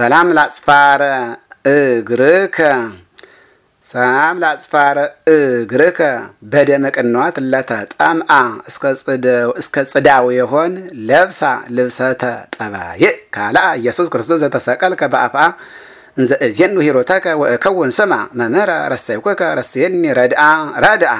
ሰላም ላጽፋረ እግርከ ሰላም ላጽፋረ እግርከ በደመ ቅንዋት ለተጠምአ እስከ ጽዳው የሆን ለብሳ ልብሰተ ጠባይእ ካልአ ኢየሱስ ክርስቶስ ዘተሰቀልከ በአፍአ እንዘ እዝየን ሂሮተከ ወእከውን ስማ መምህረ ረሰይኮከ ረስየኒ ረድአ ረድአ